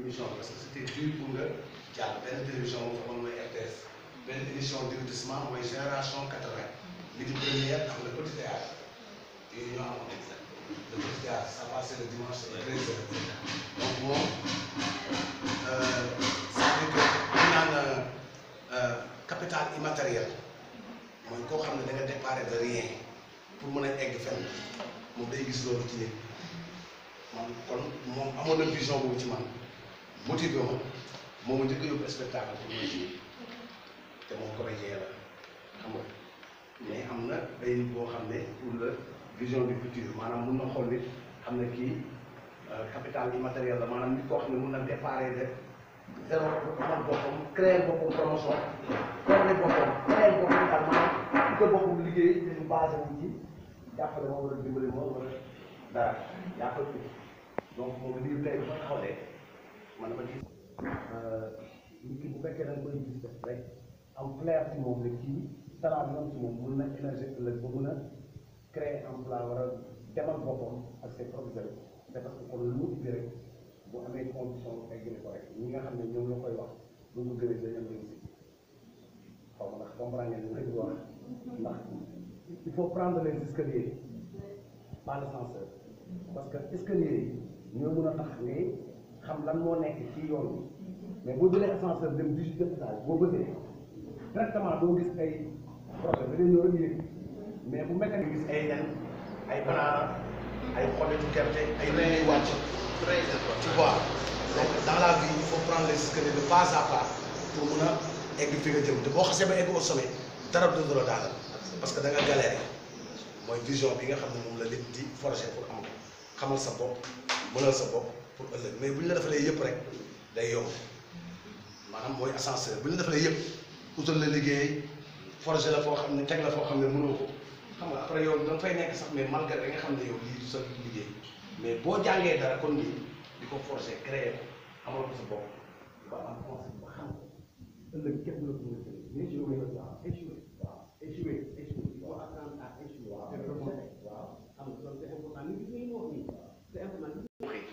émission parce que c'était dur pour nga jàll benn télévision bu amoon mooy RTS benn émission divertissement mooy génération 80 midi première ak le petit théâtre dimanche à 13 donc moom c'est-à-dire euh, naan euh, capital immatériel mooy koo xam ne da nga de rien pour mën a egg fenn moom day gis loolu ci man kon moom amoon na vision boobu ci man motivé ma moom njëkk a yóbbu spectacle pour ma jouer te moom comédien la xam nga mais am na day boo xam ne pour la vision du futur maanaam mun na xool nit xam ne kii euh, capital immatériel la maanaam nit koo xam ne mun na déparé de zéro amal boppam créer boppam promotion créer boppam créer boppam daal maanaam ko boppam liggéey dañu basé wu ci jàppale moom wala dimbali moom wala dara yaa ko donc moom lii tey ba taxaw de man dama gis euh, nit ki bu fekkee da nga koy gis clair ci mom ne ki salam non ci mom mun na émerger ëllëg ba mun a créer emploi war a demal boppam ak ses propres élèves c'est parce que lu ubbi rek bu amee condition ay gën ko rek ñi nga xam ne la koy wax bu mu gën dañu dañam lañ si xaw comprendre ngeen li ma wax ndax il faut prendre les escaliers pas l'ascenseur parce que escaliers yi ñoo mun tax ngay xam lan moo nekk ci yoon bi mais boo jëlee ascenseur dem dix-huitième étage boo bëggee directement doo gis ay projet dañuy ñëw rek mais bu mekkee gis ay nen ay banaana ay xole xolliti gerte ay rey wàcc tu vois donc dans la vie il faut prendre les escaliers de pas à pas pour mun a egg fi nga jëm te boo xasee ba egg au sommet dara dootu la daanal parce que da nga galérer mooy vision bi nga xam ne moom la lépp di forger pour am xamal sa bopp mënal sa bopp pour ëllëg mais bu ñu la defalee yëpp rek day ma maanaam mooy ascenseur bu ñu la defalee yëpp utal la liggéey forger la foo xam ne teg la foo xam ne mënoo ko xam nga après yow da nga fay nekk sax mais malgré ne yow lii du liggéey mais boo jàngee dara kon nii di ko forger créer ko amal ko sa bopp ba am conseil ba xam ko ëllëg képp la ko mën a mais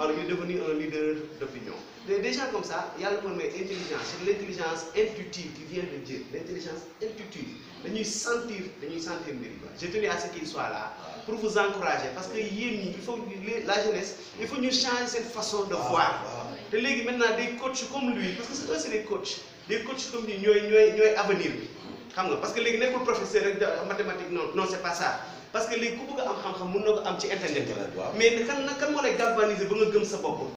alors il est devenu un leader d'opinion. Des gens comme ça, il y a le premier intelligence, c'est l'intelligence intuitive qui vient de Dieu, l'intelligence intuitive. Nous sentir, nous sentir Je tenais à ce qu'il soit là pour vous encourager parce que il faut, la jeunesse, il faut nous changer cette façon de ah, voir. Ah. Et maintenant, des coachs comme lui, parce que c'est c'est des coachs, des coachs comme lui, nous à avenir. Parce que les professeur de mathématiques, non, non c'est pas ça. parce que léegi ku bëgg a am xam-xam mën na ko am ci internet. mais kan nag kan moo lay galvaniser ba nga gëm sa bopp.